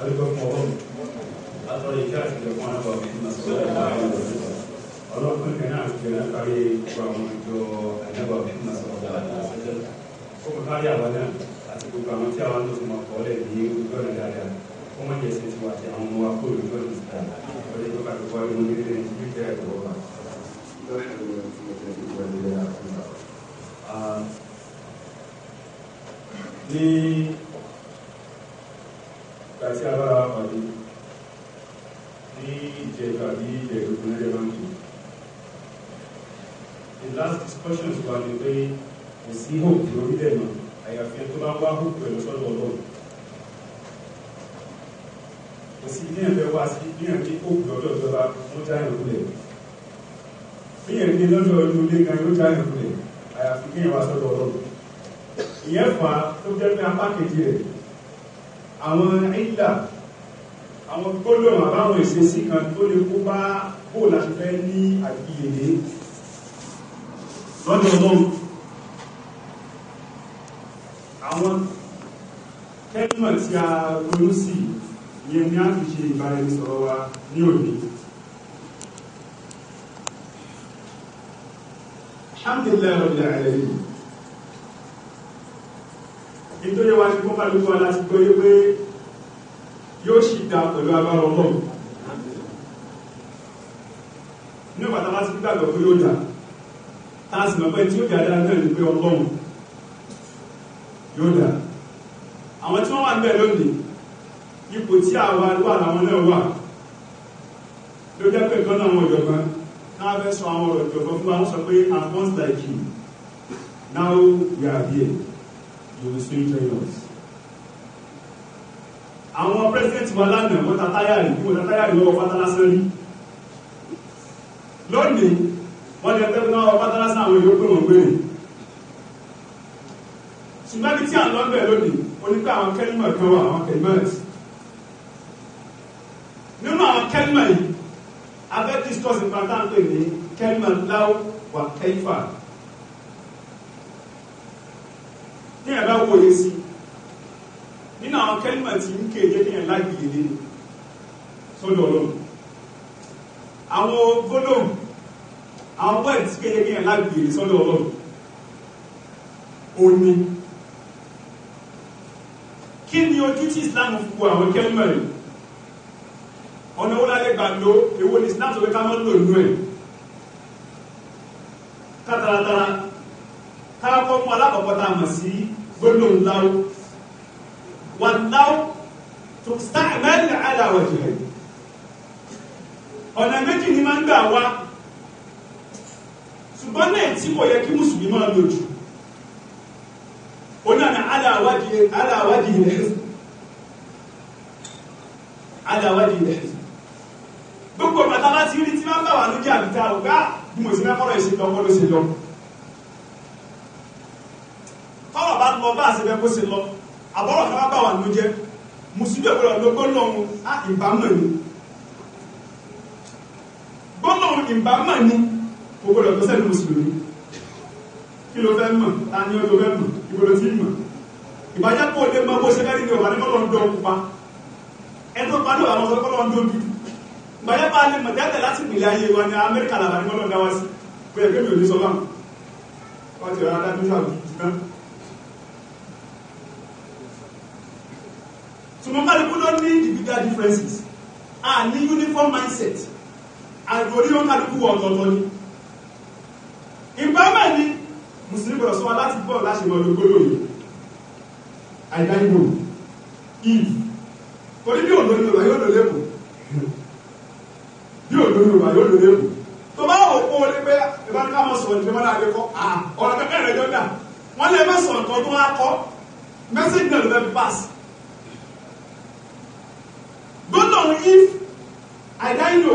adúgbò fún ọlọ́run látọ̀rọ̀ ìjà àtijọ́ fún ọlọ́run ọ̀gbìn ní màsílẹ̀ ọlọ́run pínpín náà ti rẹ̀ kárí gbogbo àwọn ìjọ àjẹbọ̀ ọ̀gbìn ní màsílẹ̀ ọ̀gbìn ó kò kárí àwọn náà àti gbogbo àwọn tí àwọn náà ti mọ̀ kọ́ lẹ̀ ní ojú ọ̀nà dáadáa ó mọ̀ jẹ́ sí tiwa àti àwọn ọmọ wa kó ojú ọ̀nà síta ọdẹ tó kàtó wáyé wọn ní ilé ní ìjẹ́ ẹ̀kọ́ wa. ní conclusions wa ni pé kò sí hope lórílẹ̀ náà àyàfi tó bá wá hope pẹ̀lú sọ́dọ̀ ọlọ́run kò sí bí ẹ̀fẹ́ wá sí bí ẹ̀fẹ́ ní hope lọ́dọ̀ ìjọba wọ́n já ìrúlẹ̀ bí ẹ̀fẹ́ lọ́dọ̀ inú ilé gan yóò já ìrúlẹ̀ àyàfi kí ẹ̀wá sọ́dọ̀ ọlọ́run ìyẹn fà á tó jẹ́ pé apá kejì rẹ̀ àwọn ìlà àwọn gbólóhùn àbáwọn ìṣesí kan tó lè kó bá bóòlù àti fẹ́ ní àgbìyèlé lọ́dọ̀ ọlọ́run àwọn kẹ́lìmọ̀ tí a ronú sí yẹn ni a fi ṣe ìbáraẹnisọ̀rọ̀ wa ní òní alhamdulilayi rabbil alamin nítorí wa ti kọ́ kálukú wa láti gbọ́ yé pé yóò ṣì da pẹ̀lú agbára ọlọ́run ní ọ̀pá tá a bá ti gbàgbọ́ pé yóò dáa táàsì mọ̀ pé tí ó dáadáa náà ni pé ọlọ́run yóò dà àwọn tí wọ́n wà níbẹ̀ lónìí ipò tí àwa wà làwọn náà wà ló jẹ́ pé kan náà àwọn ìjọba náà fẹ́ sọ àwọn ọ̀rọ̀ ìjọba fún wa wọ́n sọ pé and once like you now we are here you will soon join us àwọn president wa lánàá wọ́n ta táyà rí wọ́n ta táyà rí lọ́wọ́ fátálásán rí lónìí wọ́n jẹ tẹ́lẹ̀ náà ọba tẹ́lẹ̀ sáwọn yòókù wọn gbé ni ṣùgbọ́n ibi tí à ń lọ bẹ̀ lónìí oníkó àwọn kẹ́límà kan wà àwọn kẹ́límà yìí nínú àwọn kẹ́límà yìí abẹ́ discuss ìpàtà ń pè ní kẹ́límà láwù wà kẹ́yìfà ní ẹ̀ bá wòye sí nínú àwọn kẹ́límà tí ń kéde ní ẹ̀ lágbègbè sọ́dọ̀ ọlọ́run àwọn gbólóhùn àwọn pọ́ìntì tí kéde kéèyàn láti èrè sọ́dọ̀ ọlọ́run ó ní kí ni ojú tí islam fi wo àwọn kẹ́límà rẹ̀ ọ̀nà wo lálẹ́ gbà lo èwo ni islam sọ pé ká máa ń lò nínú ẹ̀ kátàrátàrá ká kọ́ mú alákọ̀ọ́kọ́ tá a mọ̀ sí gbólóhùn láwù wà láwù tó sáà mẹ́rin àlàwọ̀ jìnnà ọ̀nà méjì ni máa ń gbà wá ṣùgbọ́n náà tí kò yẹ kí mùsùlùmí máa lò jù oní àná aláwádìí aláwádìí rẹ̀ aláwádìí rẹ̀ gbogbo bàtà láti rí tí máa ń bà wà lójú àbíta ọ̀gá ah, bí mo ti máa kọ́rọ̀ ìṣe lọ kọ́rọ̀ ìṣe lọ tọ́rọ̀ bá lọ bá àṣẹbẹ́ kó ṣe lọ àbọ̀rọ̀ kan bá wà lójú mùsùlùmí ọ̀gbọ̀rọ̀ ló gbọ́nà ah, ọ̀hún ni gbọ́nà ìbámu ni o gbọ́dọ̀ tó sẹ́nu mùsùlùmí kí ló fẹ́ mọ̀ ta ni ó tó fẹ́ mọ̀ ìgbọ́dọ̀ tí mọ̀ ìbájá pọ̀ lé mọ́ bó ṣe fẹ́ rí ni ní kọ́lọ́ ń dọ̀ pa ẹni tó padà àwọn ọ̀sán kọ́lọ́ ń dọ̀ bí ìbájá pa lè mọ̀ jáde láti pìlẹ̀ ayé wa ní Amẹ́ríkà làbà ní kọ́lọ́ ń dá sí pé ẹgbẹ́ mi ò ní sọ bá wọn ti rà dájú sàbí jùlọ. ṣùgbọ́n kálukú ló ní individual ní mùsùlùmí gbọ́dọ̀ sọ láti bọ̀ láṣẹ lọ lógólò yìí àìdáyìnbó if torí bí òǹdó yorùbá yóò lò lẹ́kọ̀ọ́ bí òǹdó yorùbá yóò lò lẹ́kọ̀ọ́ tó bá wò ó ní pé ìbá ní ká mọ̀ sọ̀rọ̀ ní mọ́lá àdékọ́ ọ̀rọ̀ kẹ́kẹ́ rẹ̀ yọ̀dà wọ́n lé mẹ́sàn-án nǹkan tó wá kọ́ mẹ́sàn-án náà lè pass gbọ́dọ̀ if àìdáyìnbó.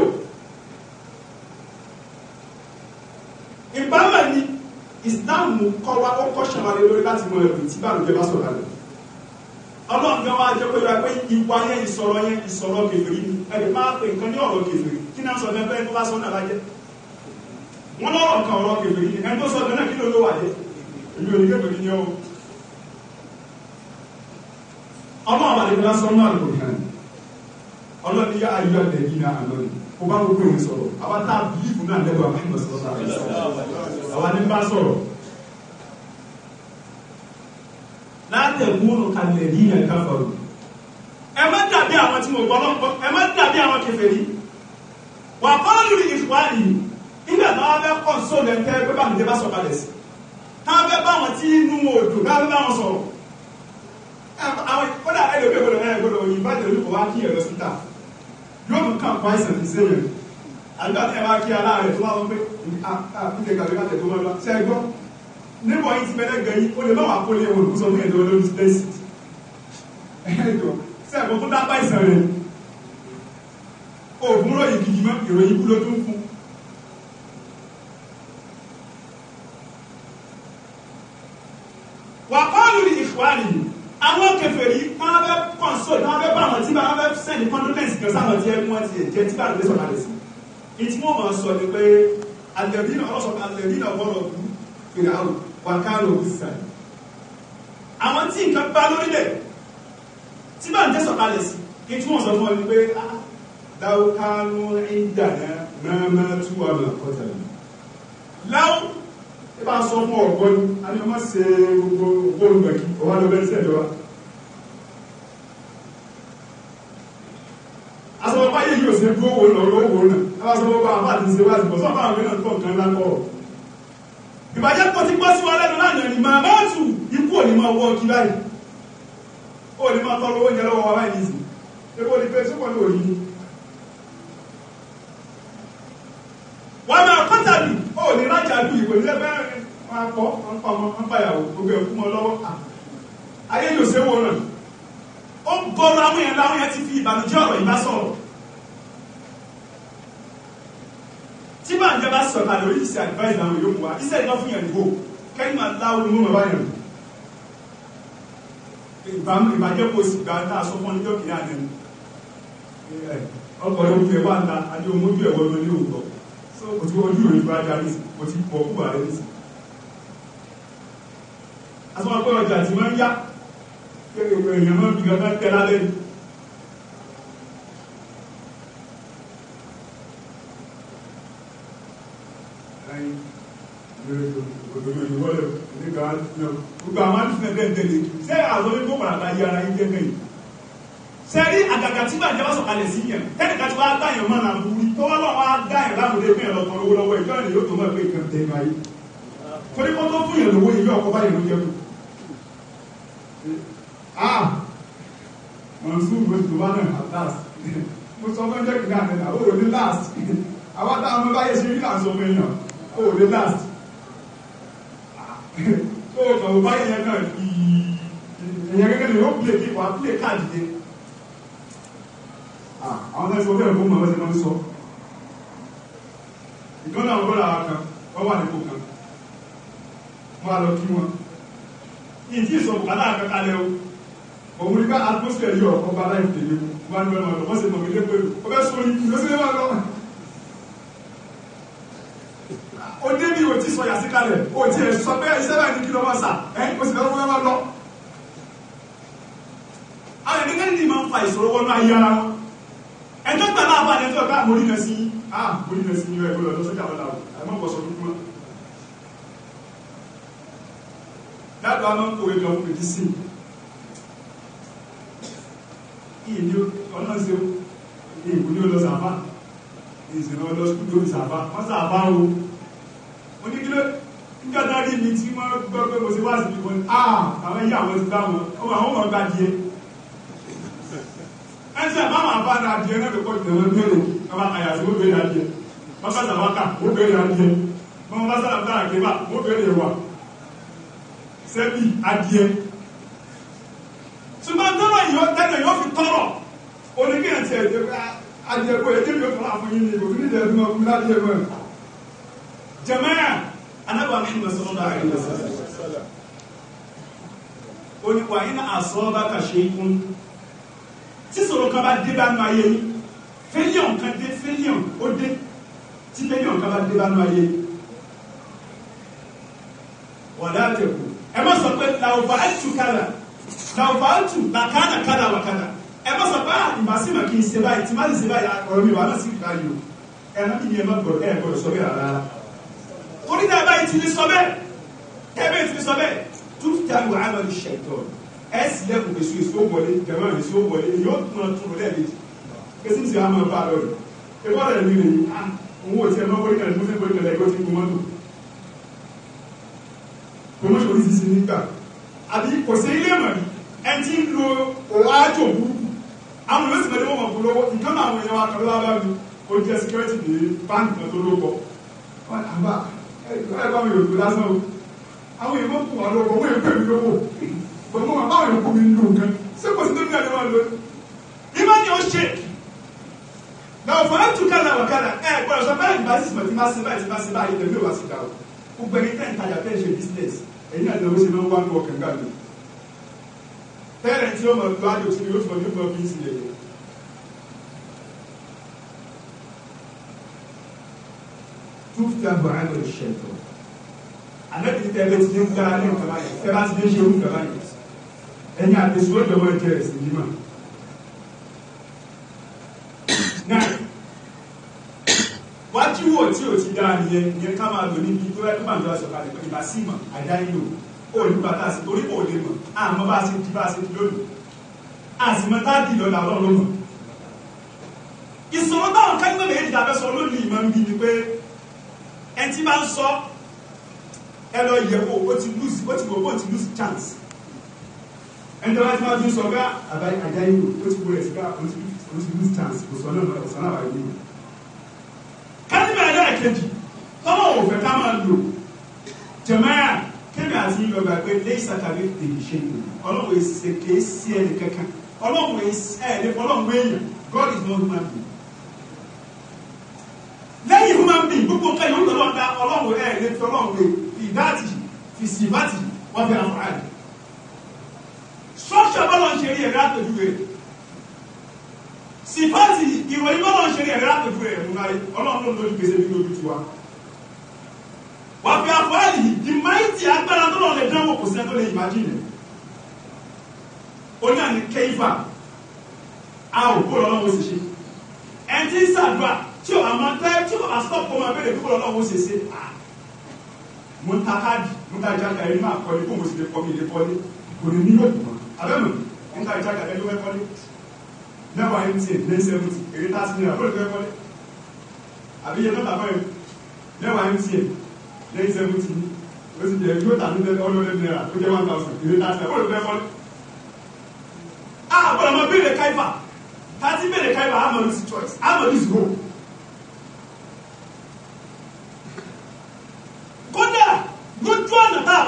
ìsìláàmù kọ́ wa ó kọ́ ṣàwárí lórí láti mọ ẹ̀rù tí bàlùjẹ́ bá sọ̀rọ̀ àlẹ́ ọlọ́run gan máa jẹ́ pé wá pé ìwà yẹn ìsọ̀rọ̀ yẹn ìsọ̀rọ̀ kèfèrí ni ẹ̀rì máa pè nǹkan ní ọ̀rọ̀ kèfèrí kí náà sọ fẹ́ fẹ́ tó bá sọ́nà lájẹ́ wọ́n lọ́rọ̀ kan ọ̀rọ̀ kèfèrí ni ẹni tó sọ fẹ́ náà kí ló ló wà jẹ́ èmi ò ní kèfèrí ni ọ́ ọmọ àbàdé bá sọ́nà àlùkò kan ọlọ́ni yá ayé ọ̀dẹ̀ yìí náà àná kó bá gbogbo ìrìn sọ̀rọ̀ a bìlífù náà tẹ̀kúnù kàlẹ́bí yẹn káfọ̀rù ẹ má dàbí àwọn tí mo gbọ́ lọ́pọ̀ ẹ má dàbí àwọn kèfèrí wà kọ́ọ̀lù ìfúwárì nígbà táwọn fẹ́ kọ́ sóòlù ẹ̀ńtẹ́ pé báwọn ìdè bá sọ kalẹ̀ sí táwọn fẹ́ bá wọn tí inú odò káwọn bá wọn sọ̀rọ̀ àwọn kódà ẹ̀ lóbi ìgbọ́dọ̀ ẹ̀ gbọ́dọ̀ òyìn bá tẹ̀lé kò wá kí ẹ̀rọ síta yóò mú kàn fún àìsàn ìṣe yẹn àgbà tí ẹ bá kí aláàrẹ̀ tó ah, ah, bá wọn pé tẹ̀ tó wọn lọ sẹ́gbọ́n níbọ̀ yìí ti bẹ̀rẹ̀ gan yìí ó lè má wà kó lé wọn kó sọ fún ẹ̀dọ́ olórí space ẹ̀ẹ́dọ̀ sẹ́ẹ̀kọ́ tó dábà ìsàn rẹ̀ òògùn ròyìn kìkì mọ́ ìròyìn kú ló tún fún wà kọ́ọ̀lù ní ìfúwárì àwọn kèfèrí wọn bẹ console wọn bẹ bá àwọn tí wọn bẹ send condolence kan sáwọn tí ẹkún wọn ti jẹ tí wọn lè sọ̀rọ̀ àlẹsì ìtumọ̀ wọn sọ ni pé alẹ́bí náà ọlọ́sọ̀kan alẹ́bí náà wọ́n fèrè àrùn wàkàrò ìsàn àwọn tí nǹkan bá lórílẹ̀ tí bá ń tẹ́sọ̀ kalẹ̀ sí kí tí wọ́n sọ fún ọ ní pé ah, láwọ́ kánú ìdàná mẹ́mẹ́ tí wà mẹ́ kọjá lọ láwọ́ tí bá sọ fún ọ̀gbọ́n ni a ọmọ ṣe gbogbo ọgbọ́n gbẹ̀kí ọwọ́ lọ bẹ́ẹ̀ sẹ́jọ wa asọ́pọ̀ báyé yóò ṣe gbówó lọ́rọ́ owó náà a bá sọ fún ọgbọ́n àbá àti ṣe wá sí bọ́ sọ́pọ̀ àwọn tó nǹkan lákọ̀ọ́ ìbàjẹ́ tó ti gbọ́ sí wa lẹ́nu lánàá ni màá máa tù ikú ò ní máa wọ ọkì báyìí ó ní máa tọrọ oúnjẹ lọ́wọ́ wa báyìí nìyí epo ní pé sípò ní òní. wọ́n máa kọ́tà bì ó ní rájà bì ìwé ní ẹgbẹ́ máa kọ́ wọ́n pa ọmọ wọn báyàwó gbogbo ẹ̀kú mọ́ lọ́wọ́ ayé yòó ṣe wò náà ó ń bọ́ọ̀rọ̀ àwọn yẹn láwọn yẹn ti fi ìbànújẹ́ ọ̀rọ̀ ìbá sọ̀rọ̀ tẹ́ bá sọ̀rọ̀ àlọ́ yìí ṣe advice náà yóò wá iṣẹ́ ìdán fún yàn nìgbò kẹ́yìn máa láwọn ni mo mọ̀ báyìí ìbámu ìbàjẹ́ kò sì gbà náà sọ fún ọjọ́ kìíní àná ọkọ̀ rẹ̀ ojú ẹ̀ wá ńlá àti ohun ojú ẹ̀ wọ́n lórí òótọ́ so kò tí ojú rẹ̀ bá darí kò tí pọ̀ kú ààrẹ nìsí. àtúwọ̀n pé ọjà tí wọ́n ń yá kéèké èèyàn máa ń bì gángan tẹ́lá òdòdó ni wọ́n lẹ̀ nígbà gbogbo àwọn àdúgbò bẹ́ẹ̀ tẹ̀lé ṣé àwọn onígbò padà yí ara yín jẹ́ bẹ́ẹ̀ sẹ́rí àgàgà tí bàjẹ́ wá sọ̀kalẹ̀ sí yẹn tẹ́nìkà tí wàá dáyàn mọ́ náà burú tó wá lọ́wọ́ á dáyàn láwùjọ ẹgbẹ́ yẹn lọ́tọ̀ lówó lọ́wọ́ ìjọ ìlú tó máa gbé nǹkan tẹ̀ ní torí kó tó fún yẹn lówó ìlú ọkọ̀ báyìí last mo sọ fún ẹjẹ́ kìnnìkan àtẹ̀dá ó last àwọn táwọn ọmọ báyìí ṣe rí làǹsọ̀ fún yẹn last tó o tọ̀wọ̀ bá yẹn náà fi ìyẹn gẹ́gẹ́ lè yóò plé kí wàá plé káàdì dé. Ah, àwọn náà sọ bẹ́ẹ̀ fún màmá ṣe máa ń sọ. ìkan náà gbọ́dọ̀ àwọn kan wọ́n wà nípò kan wọ́n á lọ kí wọn. ìdí ìsọ̀kù kan náà kankan lẹ́wọ̀ òun nígbà atmosphere yìí ọ̀kọ́ bá láì tẹ̀lé wọn ni wọn lọ wọ́n ṣe mọ̀ mí lé pé ọ o débi o ti sọ yàtí kalẹ̀ o ti ẹ̀ sọ pé iṣẹ́ báyìí ni kìlọ́ máa sà ẹ́ o sì lọ́wọ́ máa lọ. àwọn ẹ̀mí kẹ́ni ní máa ń fa ìṣòro wọnú ayé ara wọn ẹjọ́ gbà náà bá ẹjọ́ gbà mo nílẹ̀ sí ah mo nílẹ̀ sí yóò ẹ̀kọ́ lọ́dọ́ sójà lọ́la o àmọ́ kò sọ dúkú mọ́. dáàbò a máa ń kòwé kan pèjì sí i ìyẹn ni ọ̀nà ṣe ìyẹn ìwúlé ọlọ́sàbà ìyẹn ìṣẹ̀lẹ̀ ọlọ́sàbà wọ́n sàbà o níbi tí wọ́n gbọ́ pé mo ṣe wá síbi kan ah àwọn yìí àwọn ti gbá wọn àwọn ọmọ gba díẹ̀ ẹ ṣe àbáwọn àbára adìẹ náà ló kọ́ ìtẹ̀wé gbèrò àwọn àyàtí ó bèrè adìẹ wọ́n bá sàwákà ó bèrè adìẹ wọ́n bá sàlàbà àkébà ó bèrè ẹ̀wà sẹ́bi adìẹ ṣùgbọ́n tọ́rọ yìí tẹ́lẹ̀ yóò fi tọ́rọ̀ oníkẹ́yìn ti ẹ̀jẹ̀ ah, adìẹ kó ẹ̀jẹ̀ yóò fọ́nà fún yín ní ìbò anábà mi ni mọ̀sán náà àrí mọ̀sán onípa iná àsán bá kà ṣe ikún tí sọ̀rọ̀ kan bá dé bá nu ayé yìí fẹ́líọ̀n kan dé fẹ́líọ̀n ó dé tí fẹ́líọ̀n kan bá dé bá nu ayé yìí wàdà àtẹ̀kù ẹ má sọ pé làwùbá àtù kàlà làwùbá àtù làkàdà kàdà wàkàdà ẹ má sọ pé ah, ìgbà sí mà kì í ṣe báyìí tí má lè ṣe báyìí ọ̀rọ̀ mi wà á má sì rí báyìí o ẹ má kì í ẹ má gbọ́dọ̀ ẹ gbọ́dọ̀ sọ bí rárá torí náà báyìí ti lè sọ bẹ́ẹ̀ tẹ́bẹ̀ ti lè sọ bẹ́ẹ̀ tó dàrú àmọ́ ní ṣẹ̀tọ́ ẹ̀ sì lẹ́kùn èso èso wọlé jẹ̀mọ́ èso wọlé yóò tún ọ tún lẹ́ẹ̀mejì kẹsí ti àmọ́ bá lọ rẹ̀ ẹgbọ́n rẹ̀ mi rèé ah, òun ò tiẹ̀ mọ́ kórìkà ní mọ́sẹ̀ kórìkà lẹ́gbẹ́ tí mo mọ́tò promotion ní sisi nígbà àbí kò sí ilé mọ̀ ẹ ti ń lo òwò àjò burúkú àwọn yóò sì mẹ́lẹ́ wọn mọ̀ polówó nǹkan máa wọn yẹn wá kọ́ lọ́wọ́ bá mi ó jẹ́ security ní báńkì náà tó ló kọ́ àbá ẹ bá mi yòókù lásán o àwọn èèyàn máa ń kù wá lọ́wọ́ owó èèyàn pè mí lówó pẹ̀lú àwọn àwọn èèyàn kù mí lò gan ṣé kò sí tó ní àdéhùn àlọ́ ìmọ̀ ni ó ṣe náà fọlá tún kálá wà kálá ẹ gbọ́dọ̀ sọ báyìí bá sì mọ̀tí máa ṣe báyìí máa ṣe báyìí tẹ̀lé wá sí ká o gbogbo ẹni tẹ́ ìtajà fẹ́ ṣe business ẹ̀yin àti ọ̀hún ṣe máa ń wá ní ọkàn gbàgbé tẹ́rẹ̀ tí ó mọ̀ lọ́wọ́ àdókòsí ni yóò fọ́ yúgàbù àlọ́ ìṣẹ̀tọ̀ àlẹ́bí tẹ́ ẹ ti ní gbára ní nǹkan báyìí tẹ́ bá ti dé ṣe nǹkan báyìí ẹni àtẹ̀sí ó dọ̀wọ́ ẹ̀jẹ̀ rẹ̀ sí jímọ̀. náà wájú wò tí ò ti dáa nìyẹn ìyẹn ká máa lò níbi tó rẹ́pẹ́ màá lọ sọ̀kalẹ̀ pé ìbá sí ìmọ̀ àdá yìí o ò ní bàtà sí torí kò lè mọ̀ àmọ́ bá a ṣe di bá a ṣe di lónìí àsìmọ́ táàdì lọ́la ọlọ́run mọ̀ ìṣòro táwọn kẹ́gbẹ́ méjì tàbẹ́sọ lónìí mọ́ ń ni pé ẹni tí máa ń sọ ẹ lọ yẹ̀wò ó ti lose ó ti wò ó ti lose chance ẹni tí wọ́n ti máa fi sọ gá àbáyé àjáyé wò ó ti wò rẹ̀ sí gá ó ti lose chance kò sọ náà ọ̀sán náà wáyé nìyẹn. kálíbà ẹ̀dá ẹ̀kejì tọ́lọ̀ ò fẹ́ ká máa lò jẹ̀máyà kẹ́mi àti yíyọ gbà pé lẹ́yìn sàkàbí èyí ṣe ìlú ọlọ́run èsì kèé sí ẹnì kankan ọlọ́run èsì ẹ̀ ní ọlọ́run èèyàn God is not human being ní gbogbo nǹkan yóò lọ́wọ́ da ọlọ́run ẹ̀ lè fi ọlọ́run lè fi dáàtì fi sì báàtì wọ́n fi àwọn àrẹ. sọ́ọ̀ṣà bọ́lọ̀ ń ṣe rí ẹ̀rẹ́ àtọ̀jú rẹ̀ sì báàtì ìròyìn bọ́lọ̀ ń ṣe rí ẹ̀rẹ́ àtọ̀jú rẹ̀ múnarí ọlọ́run lórí gbèsè nínú ojú tiwa. wà fi àwọn di máìtì agbára tó lọ lè dánwò kò sẹ́ni tó lè ìmájìnì. ó ní àní kẹ́yìfà a ò kó lọ́wọ́ sì ṣe ẹ̀ ń ń sàdúrà tí o àmà tẹ́ tí o àstọ́ kọ́ máa bẹ̀rẹ̀ púpọ̀ lọ́wọ́ ṣe ṣe ah, à mo ń ta káàdì mo ń ta ìjáka ẹni máa kọ́lé kó mo sì lè kọ́ mi lè kọ́lé kò ní ní yóò dùn abẹ́mu mo ń ta ìjáka ẹni wẹ́ kọ́lé mẹ́wàá ẹni tiẹ̀ ní sẹ́wọ́ntì èrè tá a ti nira kólé fẹ́ kọ́lé àbí yẹn lọ́tà báyìí mẹ́wàá ẹni tiẹ̀ ní sẹ́wọ́ntì ó sì jẹ́ yóò tà ní ọlọ́lẹ́ náírà ó jẹ́ one thousand èrè tá a ti nira kólé fẹ́ kọ́lé. a ah, gbọ́dọ̀ máa béèrè káyìfà tá a ti béèrè káyìfà amọ̀ ní sí choice amọ̀ ní sí hope.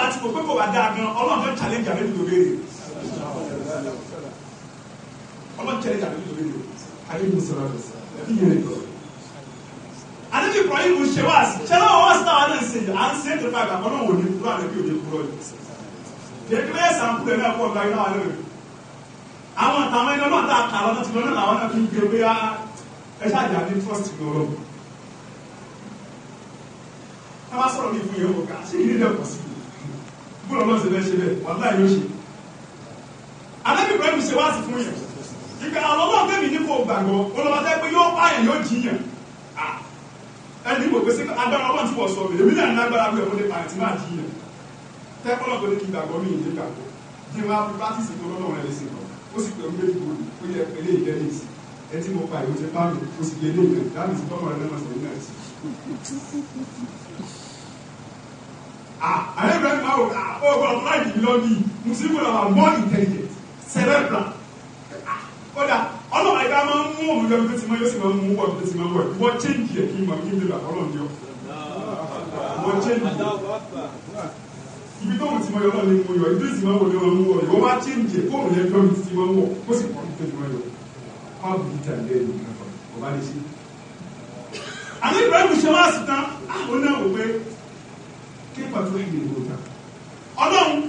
bá ti wò pé kò bá dáa gan ọlọ́run náà challenge àbẹ́bí tó béèrè ọlọ́run challenge àbẹ́bí tó béèrè ayé mi sọ̀rọ̀ ẹ̀fí yẹn lọ. àdébí Ibrahim ṣe wá sí ṣẹlẹ wọn wá sí táwọn náà ṣe à ń ṣe é tẹfà àgbà ọlọ́run ò ní kúrò àdébí òde kúrò yìí. kékeré sàǹkú rẹ̀ náà pọ̀ gba iná alẹ́ rẹ̀ àwọn àtàwọn ẹni ọlọ́run tá a kà lọ́nà tí lọ́nà làwọn náà fi ń gbé pé ah, ẹ ṣáàjà ní first lọ́rọ̀ ká bá sọ̀rọ̀ ní ìfúyẹ́ wò ká ṣé ìdílé pọ̀ sí búrọ̀ náà ṣe bẹ́ẹ̀ ṣe bẹ́ẹ̀ wà láì yóò ṣe. Ànábì Ibrahim ṣe wá sí fún yẹn. Ìgbà àwọn ọlọ́run bẹ́ẹ̀ mi ní gbàgbọ́, olùmọ̀tẹ́ pé yóò pààyàn yóò jiyàn. Ẹni wò pé agbára ọlọ́run ti wọ̀ sọ mi, èmi náà ní agbára pé òun lè pààyàn tí máa jiyàn. Tẹ́kọ́lọ́ tó ní kí gbàgbọ́ mi ìdí gbàgbọ́. Bí wọ́n á fi pátìsì tó lọ́dọ̀ rẹ̀ lè àyè ibrahim awo ọgbà láìpì lọ́ọ̀dì mùsùlùmí náà more intelligent cerebral kódà ọlọ́run àyíká máa ń mú òun jẹ́ bí tí máa yóò sì máa ń mú wọ̀ bí tí máa wọ̀ wọ́n change ẹ̀ kí n mọ̀ kí n lè lọ ọlọ́run jẹ́ wọ́n change ibi tóun ti máa yọ náà lè mú yọ ibi tí máa wọ̀ lè máa mú change ẹ̀ kóun yẹ kí ti máa wọ̀ kó sì pọ̀ nípa ìmọ̀ yọ pàbí ìtàn lẹ́yìn ìgbà kan kò bá wá sí tán àwọn náà wò pé kéèpà tó yìí nìbò ta ọlọ́run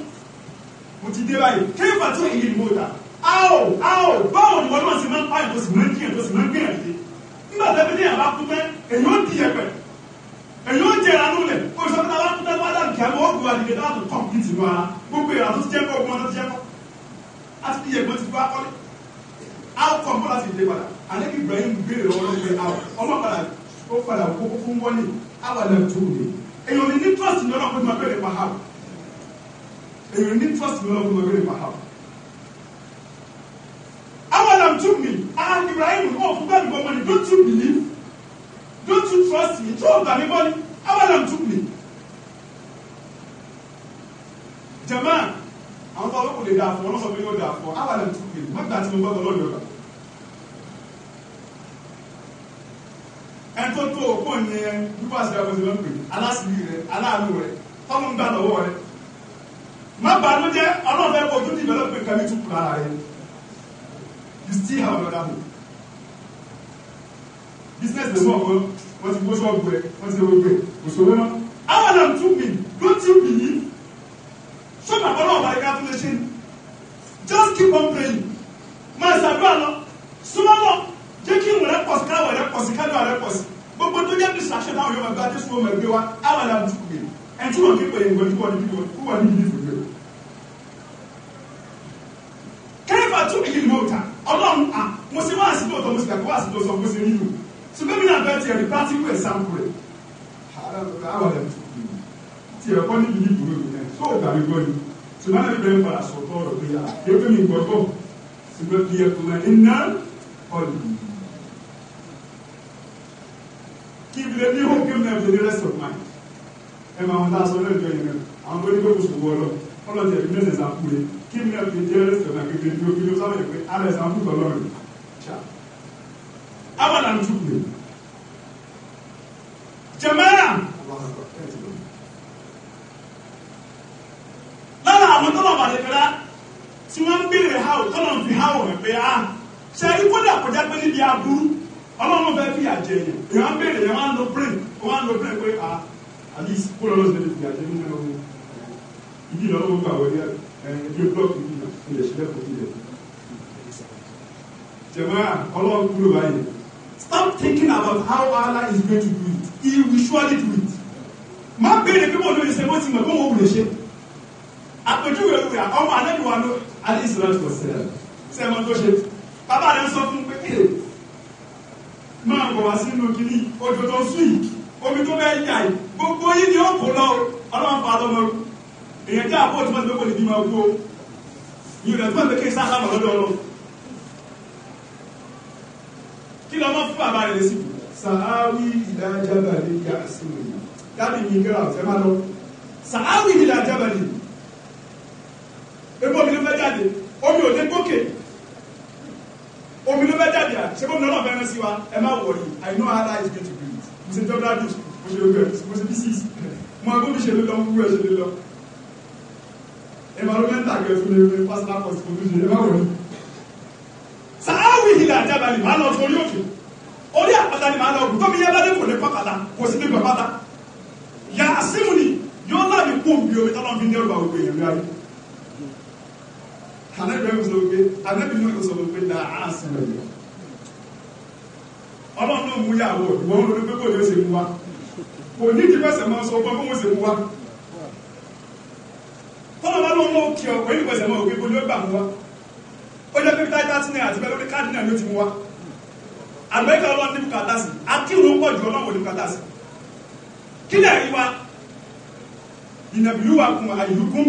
mo ti dé báyìí kéèpà tó yìí nìbò ta áò áò báwo ni wọ́n náà sì máa ń pààyàn tó sì máa ń kíyàn tó sì máa ń gbìyànjú dé nígbà tó fi déyàn bá kú tẹ́ èyí ó di ẹ̀pẹ̀ èyí ó jẹra lólẹ̀ kó sọ pé alákú tẹ́ wádà kí àwọn ògùn àdìgẹ́ náà tó kọ̀m̀pìtì wa gbogbo ìrà ti jẹ́ kó ogun ọdún ti jẹ́ kó láti fi yẹ̀gbọ́n ti gbá kọ́lé áò kọ̀ mọ́ láti dé padà alẹ́ kí Ibrahim gbé ìrọ̀lọ́ And you need trust in ní ọlọ́pàá máa to máa And you need trust ní ọlọ́pàá máa bẹ̀rẹ̀ máa hàn. àwọn làm tún mi ah Ibrahim ọ̀ fún bẹ́ẹ̀ gbọ́n mọ́ni don't you believe don't you trust me tí o gbà mí mọ́ni àwọn làm tún mi. jama àwọn tó ọlọ́pàá lè dà fún ọlọ́sọ̀ọ́ mi yóò dà fún àwọn làm tún mi má gbà tí mo gbọ́dọ̀ lọ́dọ̀ ẹni tó tó òkú ní ẹ dúpọ̀ àti ìyàwó ti ló ń pè aláṣìírí rẹ aláàánú rẹ tọ́lú ń gbà lọ́wọ́ rẹ. má bàa ló jẹ́ ọlọ́run ẹ̀kọ́ ojú ti ìbẹ̀rẹ̀ pé kàmí tún kúrò rẹ. you still have another hope. business dey work o wọ́n ti gbó sọ́ọ̀bù ẹ̀ wọ́n ti gbogbo ẹ̀ òṣòwò náà. àwọn ọ̀nà tún mi don't you believe? sọ́ọ̀bù àbọ̀lọ́ọ̀bà ẹ̀ká tún lè ṣe just keep on praying. distraction náà yóò máa gba jésù ọmọ ẹgbẹ́ wa àwọn ẹ̀dá tuntun gbé ẹ̀ tí wọ́n kí pé ìwé tí wọ́n ní bí wọ́n ní bí fún yẹn. kẹ́rẹ́fà tún kìí ní òòtà ọlọ́run à mo sì wá àsìkò ọ̀tọ̀ mo sì kàkọ́ àsìkò sọ mo sì ní ìlú ṣùgbọ́n mi náà bẹ́ẹ̀ tiẹ̀ ní practical example rẹ̀ àwọn ẹ̀dá tuntun gbé tiẹ̀ kọ́ ní ìlú ìdúró yẹn tó ò gbàgbé gbọ́ ni ṣùgbọ́n mi bẹ́ẹ̀ padà sọ̀tọ̀ ọ̀rọ̀ pé yà ilé ní home game life dey rest of mind ẹ máa wọn tá a sọ lẹ́yìn tó yẹn rẹ àwọn tó ní pé kò sùn wọ lọ wọn lọ tẹ̀lé mẹ́sẹ̀ sàkú rẹ kí ni ẹ fi rest of mind kékeré ní òkè ló sábà yẹ pé ara ẹ̀ sàkú tọ̀ lọ́rùn ṣá abala ń tún pè jẹmẹ́rà lára àwọn tọ́lọ̀ bàdẹ́kẹ́rá tí wọ́n ń béèrè háwò tọ́lọ̀ ń fi háwò rẹ̀ pé á ah, ṣe ikú dàpọ̀ jápé níbi aburú ọlọ́run fẹ́ fìyà jẹ yẹn èèyàn á béèrè yẹn wọ́n á lo brain wọ́n á lo brain pé à at kó lọ́wọ́ sí fìyà jẹ nínú ẹ̀rọ ibi ìlọ́wọ́ gbogbo àwọn ẹ̀yà ẹ̀yẹ blọọkì yìí nà ilẹ̀ ṣẹlẹ̀ kò fi lẹ̀. jẹ̀mọ́ra ọlọ́run kúrò báyìí stop thinking about how Allah is going to do it he will surely do it má béèrè pé bọ́ọ̀lù ìṣẹ́ bó ti mọ̀ kó wọ́n wù lè ṣe àpèjúwe rẹ̀ ọmọ anábìwá ló alẹ́ ìṣẹ́ láti wọ̀ sẹ́yà sẹ́yà máa tó ṣe bàbá rẹ̀ sọ fún pé kéèrè yọ wá sínú kìíní odò tó sùn yìí omi tó bẹ́ẹ̀ yà yìí gbogbo yìí ni ó kò lọ ọlọ́run fa lọ́mọ èèyàn jẹ́ àbọ̀ tí wọ́n ti gbé kò ní bí máa wú o yìí rẹ̀ tí wọ́n ti gbé kí n sá sábà lọ́dọ̀ ọlọ́run kí lọ́mọ fún bàbá rẹ̀ lé sí i sàáwì ìdájábàlì yà sílẹ̀ dábì ní kẹ́rà ọ̀fẹ́ má lọ sàáwì ìdájábàlì ebó mi ló fẹ́ jáde omi ò dé gòkè omi ló bẹ jáde à ṣé gómìnà náà fẹ́ràn sí wa ẹ má wọ̀nyí i know how life is going to be ṣe tó dáa dùn mo ṣe lóko ẹ mo ṣe bí six mo àgbo mi ṣe lé lọ mo wú ẹ ṣe lé lọ environmental kẹ fún mi personal cost mo tún ṣe ẹ má wọ̀nyí. sàáwì ìlà àjábálì màá lọ sórí òkè orí àpáta ni màá lọ gùn tómi yábàdé kò ní pàpàtà kò sí ní pàpàtà yàrá símù ni yóò láàbì kó omi omi tọ́lọ́ fi ní ọgbà òkè ìrìn àjò anabi ẹ̀kọ́ sọ pé anabi ní ẹ̀kọ́ sọ pé là á sìn rẹ̀ ọlọ́run ló mú yàwó ìwọ́n ló ní pé kò ní ó ṣe mú wa kò ní kí fẹsẹ̀ máa sọ ọgbọ́n bó ṣe mú wa tọ́lọ́ bá lọ́wọ́ lọ́wọ́ kí ọ pé ìfẹsẹ̀ máa òkè bójú ó gbà mú wa ó jẹ́ pé táyé tásí náírà àti bẹ́ẹ̀ lórí káàdì náà ló ti mú wa àgbẹ̀yìká ọlọ́run ní bùkátà sí akírun pọ̀ ju ọlọ́run ní bùkátà sí kí lè rí wa ìnàbíyúwà kún àyùkún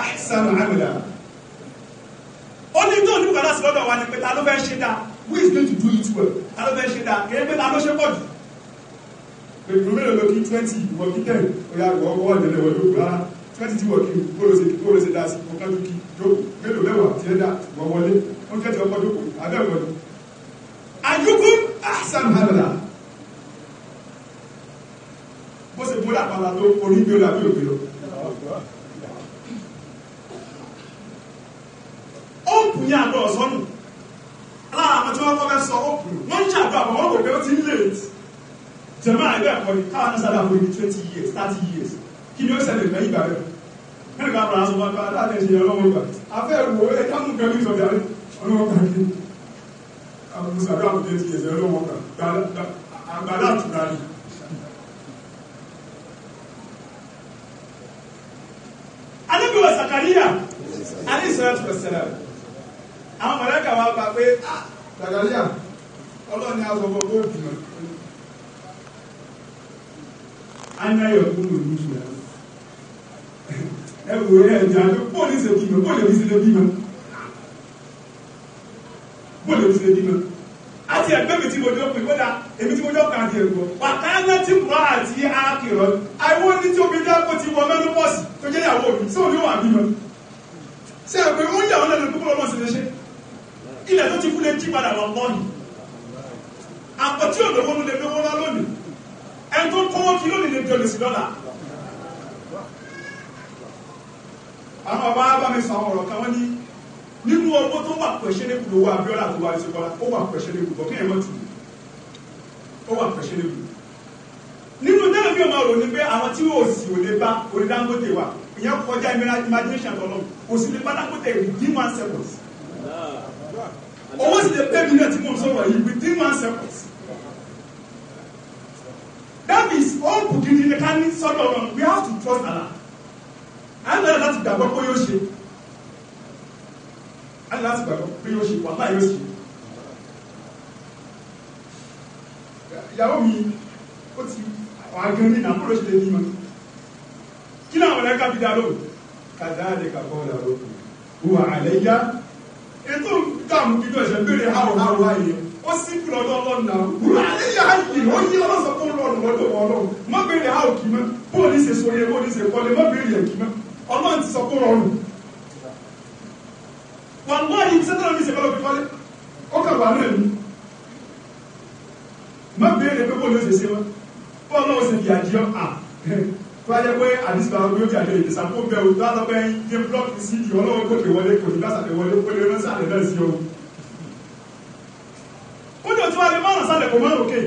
àìsàn àmàlà Only ní tó ní bùkátà sí lọ́dọ̀ wa ni pé ta ló fẹ́ ṣe dá who is going to do it well ta ló fẹ́ ṣe dá kéré pé ta ló ṣe pọ̀ jù èdè mélòó ló kí twenty ìwọ kí ten ọ̀yà àgbọ̀ ọwọ́ ìdẹ́lẹ̀ wọ̀ lóko rárá twenty ti wọ̀ kí kóró ṣe dá sí ọ̀ká tó kí jókòó mélòó mẹ́wàá tiẹ̀ dá wọ̀ wọlé wọ́n kẹ́tì ọkọ̀ jókòó abẹ́ wọ̀ ni. àjùkú àṣàn hàlà bó ṣe bó dàpọ̀ la tó orí bí ó dàbí òbí lọ. jẹ̀mọ́ àìbẹ̀ ẹ̀kọ́ ni káwọn náà sábà fún ibi twenty years thirty years kí ni ó ṣẹlẹ̀ lẹ́yìn ìgbà rẹ̀ nínú ká bàrà sọ wọn bá dáadé ṣe ìrànlọ́wọ́ ìgbà afẹ́ wo ẹ kámú nǹkan ní ìsọ̀dẹ̀ àrẹ ọlọ́wọ́ kan ní àwọn mùsàdó àwọn twenty years ọlọ́wọ́ kan àgbàdá àtúrà ni. anábì wa Sakariya alẹ́ ìsọ̀rọ̀ tó ṣẹlẹ̀ àwọn mọ̀lẹ́kà wa gbà pé Sakariya ah, ọlọ́ni àwọn ọmọ bó bímọ anáyọ̀ tó lò ní ìtura ẹ wò ẹ jà ló bóòlù ṣe bímọ bóòlù ẹbí ṣe bímọ bóòlù ẹbí ṣe bímọ àti ẹgbẹ́ mi tí mo jọ pé kódà èmi tí mo jọ kà á di ẹ̀gbọ́n wàkàlá tí mo rà àti àkìrọ̀ àwọn oní tí omi dáko ti wọ mẹ́lọ́pọ̀sì tó jẹ́ ìyàwó mi sí òní wà bímọ ṣé ẹ pé ó ń yà wọn lẹ́nu púpọ̀ lọ́mọ sí léṣe ilẹ̀ tó ti fún lè jí padà wọ̀ lọ́ọ̀nì àpótí òdòwó ló lè lówó lọ́lọ́nì ẹni tó kọ́wọ́ kí ló lè lè jọlè sí lọ́la. àwọn bàbá bá mi sàn ọ̀rọ̀ kan wọ́n ní nínú ọgbọ́n tó wà pẹ̀ṣẹ́ lẹ́kùn lówó Abíọ́lá tó wà sí bọ́lá ó wà pẹ̀ṣẹ́ lẹ́kùn bọ́ kéèyàn mọ́ tù ó wà pẹ̀ṣẹ́ lẹ́kùn. nínú dáná bí ọmọ rò ní pé àwọn tí yóò sì ò lè bá orí Dangote wà ìyẹn kọjá imagination tọ́lọ́ kò sí lè bá Dangote within one second owó sì lè pẹ́ mi náà tí mo sọ̀rọ̀ yìí within one second. ká ní sọ́dọ̀ ọ̀run we have to trust Allah Allah láti gbàgbọ́ pé yóò ṣe Allah láti gbàgbọ́ pé yóò ṣe wàhálà yóò ṣe ìyàwó mi ó ti àgbẹ̀ ní nàkúrò ṣe lè ní ma kí náà wọlé ká fi dá lóhùn kàdá àdé kàkọ́ ọ̀dà lóhùn wà àlẹ́ yá ètò ìdààmú dídọ̀ ìṣẹ́ béèrè háwọ̀ háwọ̀ láyé ó sì kúrò ọdún ọlọ́run náà wúrà àlẹyà ayé ó yí ọlọsọ tó ń lọ ọdún ọdún ọlọ́run má béèrè a ò kì í mọ bó o ní ṣe sori ẹ bó o ní ṣe kọ́lé má béèrè yẹ kì í mọ ọlọ́run ti sọ kó rọrùn wà lọ́ọ̀yì sẹ́tọ́rọ̀ ní ìṣèkọ́lọ́ fi kọ́lé ó kà wà náà ní má béèrè pé bó o ní ṣe ṣe wọn bó ọlọ́run a jẹ́ pé àdìsíbà ọgbẹ́ ó ti àjọ ìdìsá kó bẹ́ẹ̀ o tó a lọ bẹ́ẹ̀ yé blọ́ọ̀kì sí ìyọ́ ọlọ́run kò tẹ̀ wọlé kò ní bá sàtẹ̀ wọlé ó lè rán sàtẹ̀ náà sí ọ̀hún. lè kò mọ́rò kéè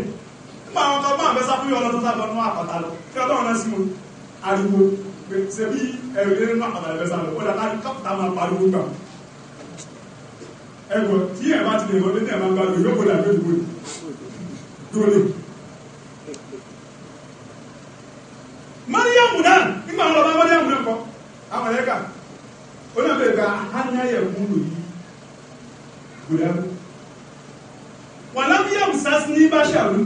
nígbà àwọn ọmọ àwọn fẹ́sà fún yọ̀ọ́nà tó sá lọ́nà àpàtà lọ kí ọlọ́run náà sí mo ariwo ṣe bí ẹ̀rù lé nínú àpàtà ìfẹ́sà lọ ó dàbí kápútà máa pariwo gbà ẹgbọ tí ẹ̀ bá ti lè wọlé ní ẹ̀ máa ń gbàdúrà yóò gbọdọ̀ àgbẹ̀ ìwé dole mariamu náà nígbà àwọn ọba mariamu náà kọ àwọn ẹ̀ka ó náà bẹ̀rẹ̀ bá hányá kúndùn yìí gbọdọ̀ wà lábíyà òsàs ní báṣàrú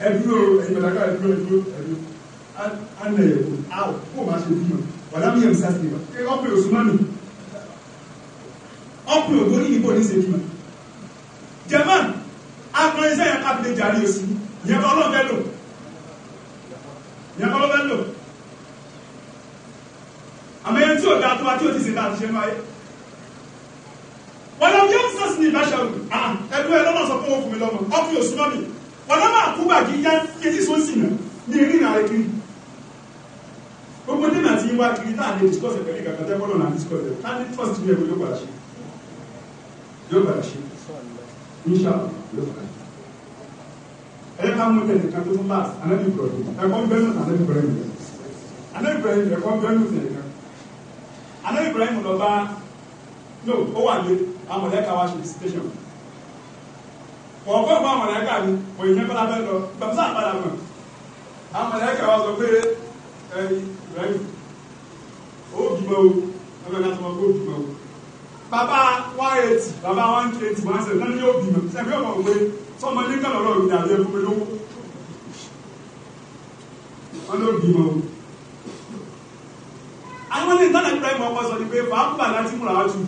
ẹdúró ẹdúró ẹdúró ẹdúró ana ẹ̀wò àwọ̀ kó o bá ṣe bímọ wà lábíyà òsàs ní báṣàrú ọ̀pẹ̀ òsùmánù ọ̀pẹ̀ ògbó ní ìbò ní ṣe bímọ. jẹ̀mọ́ akọrin iṣẹ́ yẹn káfíńdé jàre òsì yẹn kọ́ lọ́ọ́ fẹ́ lò yẹn kọ́ lọ́ọ́ fẹ́ lò àmọ́ yẹn tí ò dáa tó wa tí ò ti ṣe dáa ti ṣe máa yẹ. mi lọ́mọ ọkùn yóò súnmọ́ mi ọ̀nà máa kú bàjẹ́ yá etí sọ sí nà ní eré ìrìn àrẹ kiri gbogbo dènà tí wá kiri náà lè discuss pẹ̀lú ìgbà kan tẹ́kọ̀ọ́ náà discuss ẹ̀ ká ní first year yóò padà ṣe yóò padà ṣe inshallah yóò padà ṣe ẹ ká mú tẹ̀lé kan tó tún last anabi ibrahim ẹ̀kọ́ ń bẹ́nu anabi ibrahim anabi ibrahim ẹ̀kọ́ ń bẹ́nu anabi ibrahim lọ bá no ó wà lé amọ̀lẹ́ka wá ṣe visitation wọ́n fẹ́ fún àwọn ẹ̀ka mi kò yẹ kọ́lá lọ gbàmísà padà mọ̀ àwọn wa sọ pé ẹ̀yìn rẹ̀yìn ó bímọ o ọgbẹ́ náà tó mọ̀ kó bímọ o bàbá one eighty bàbá one eighty one seven náà ni yóò bímọ ṣẹ̀fí ọ̀pọ̀ òwe sọmọ ní kálọ̀ lọ́rọ̀ mi dàbí ẹ̀kú pé wọn ló bímọ o àwọn ní ìtàn àti ibrahim ọkọ sọ ni pé fàákùbà láti múra wá tù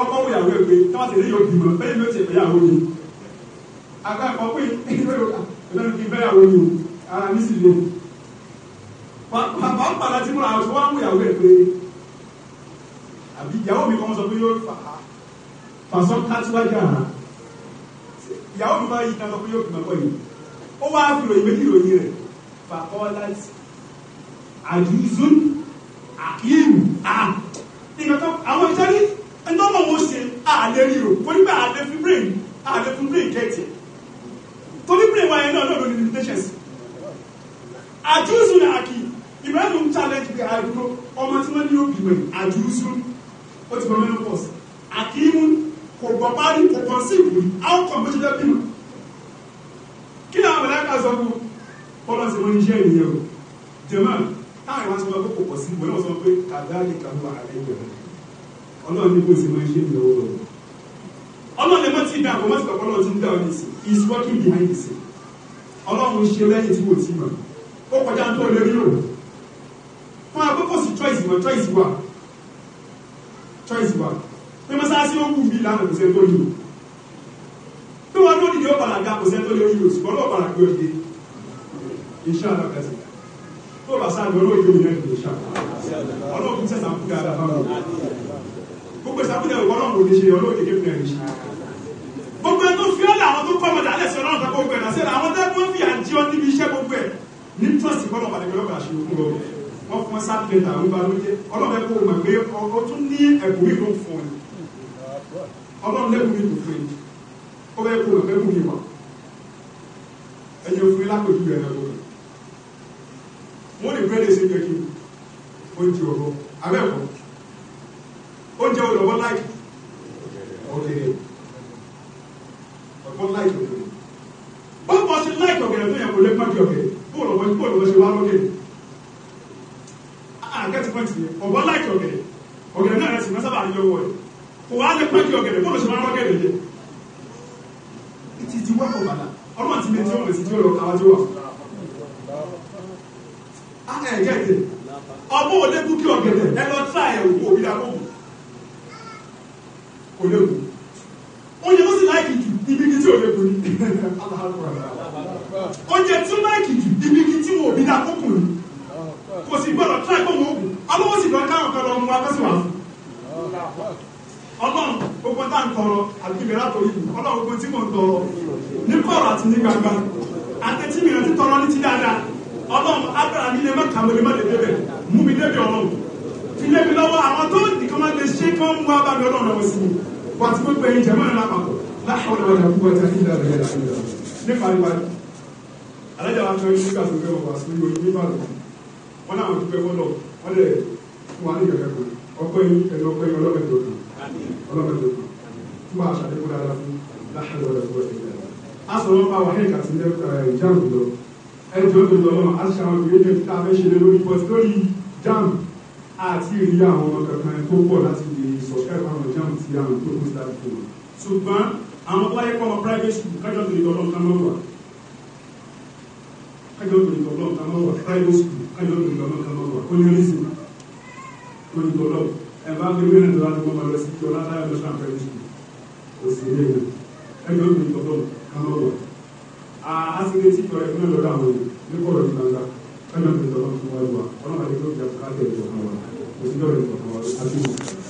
ọkọ wòyàwó ẹgbẹ tí ti àgbà ẹ̀kọ́ pé ìlànà kì í bẹ́ẹ̀ àwọn yòó ara mi sì lè bàbá ń padà tí mo rà àwọn ìṣòwò àwọn ìyàwó ẹ̀ pé àbí ìyàwó mi kọ́ sọ pé yóò fà á fàṣọ kátìwájà hàn ìyàwó mi bá yí kan sọ pé yóò fi mọ́kọ́ yìí ó wá fi ròyìn méjì ròyìn rẹ̀ fàkọ́ láti àdìsún àkíyèwò à nǹkan tó àwọn ìṣẹ́rí ẹni tó mọ̀ wọ́n ṣe àlè rí o kò nígbà àlè fún brain àlè fún brain kẹ́ẹ̀tì implications àjùzù làákì Ibrahim challenge pé àdúgbò ọmọ tí wọ́n ní òbí wẹ̀ àjùzù ó ti gbọ́ menopause àkíyímú kò gbọ́ parí kò kàn sí ìwé outcome bó ṣe fẹ́ bímọ kí ni àwọn mẹlẹ́ka sọ fún bọ́lá ṣe wọ́n ní iṣẹ́ ìyẹn o jẹ̀mọ́ táwọn ìwà sọ pé kò kàn sí ìwé náà sọ pé kàdáàlì kan wà àlẹ́ ìwé ọlọ́run ní kò sí wọ́n iṣẹ́ ìyẹn o lọ ọlọ́run lè mọ́ ti dá àwọn mọ́tò kọ̀ọ̀kan ọlọ́run ṣe lẹ́yìn tí kò tí mọ̀ ó kọjá tó lè rí o fún akókò sí choice mọ̀ choice wà choice wà pé mọ́sáàsì ó wù mí lánàá kò sẹ́ tó lè o pé wọn ló nídìí ó bàlágà kò sẹ́ tó lè rí o ṣùgbọ́n lọ́ọ̀ bàlágà ó dé iṣẹ́ alákàtà tó bá sáà lọ́rọ̀ ìjọ ìyẹn kì í ṣá ọlọ́run tẹ̀sán kúkà àdàbà gbogbo ìsàkúnyẹ̀wò ọlọ́run ò ní ṣe ọlọ́run kékeré tún fọmọ dà lẹsẹ náà tó gbogbo ẹ náà sẹlẹ àwọn tẹ fún fi àǹtí ọ níbi iṣẹ́ gbogbo ẹ ní trọsì kọlọ pàdé pẹ̀lú ọgbà ṣòro fún ọ wọn fún sáfẹ náà wọn bá ló jẹ ọlọmọ ẹ̀kọ́ ọmọ ẹgbẹ́ ọ tún ní ẹ̀bùn ìlú fún ẹ Ọlọ́run lẹbùn ìlú fún ẹ ó bẹ kó ẹgbẹ́ mú mi wá ẹni òfin lápẹjù rẹ náà lọ wọn lè bẹ̀rẹ̀ sí ìgbẹkì oúnjẹ jòló àwọn tí wà. Á ẹ̀ gẹ̀dẹ̀. Ọmọ òlé dúkìá ọ̀gẹ̀dẹ̀ ẹ lọ sáà ẹ̀ wò òbí حول ولا قوة إلا بالله nípa ìwà alájà wa tọ́ ìṣúgà tó fẹ́ wà sí ìwé nìbàdàn wọn náà dúpẹ́ fọlọ́ wọn lè fún wa ní kẹ̀kẹ́ kan ọpẹ́ yín ẹni ọpẹ́ yín ọlọ́mọ ìdòdò ọlọ́mọ ìdòdò fún wa ṣàlékún dáadáa fún láhàlú ọ̀rẹ́ fún ẹ̀yìn dáadáa. a sọ̀rọ̀ nípa wà hẹ́ẹ̀kà sí jáàmù lọ ẹni tí ó tó lọ́nà a ṣe àwọn ìwé tẹ̀sí tá a fẹ́ ṣe lé lórí pọ̀ lórí àti ìrí àwọn kankan tó pọ̀ láti lè sọ̀kẹ́ àwọn tó wáyé kọ́ ọmọ private school kájọ tó ìgbọ̀ lọ́n kan mọ́wà kájọ tó ìgbọ̀ lọ́n kan mọ́wà private school kájọ tó ìgbọ̀ lọ́n kan mọ́wà ó ní oríṣi ó ní ìgbọ̀ lọ́n ẹ̀ bá gbé wíwẹ̀ nígbà tó wọ́n máa lọ sí ìjọ látàrí ọ̀sán private school kò sí ilé ìwé kájọ tó ìgbọ̀ lọ́n kan mọ́wà àásìlẹ̀ tí ìjọ rẹ̀ fún ẹ̀lọ́dọ̀ àwọn èèyàn ní kọ̀ọ̀rọ̀ ìgbàgbà kájọ tó ìgbọ̀ lọ́n kan mọ́wà ọlọ́mọdé tó ìjà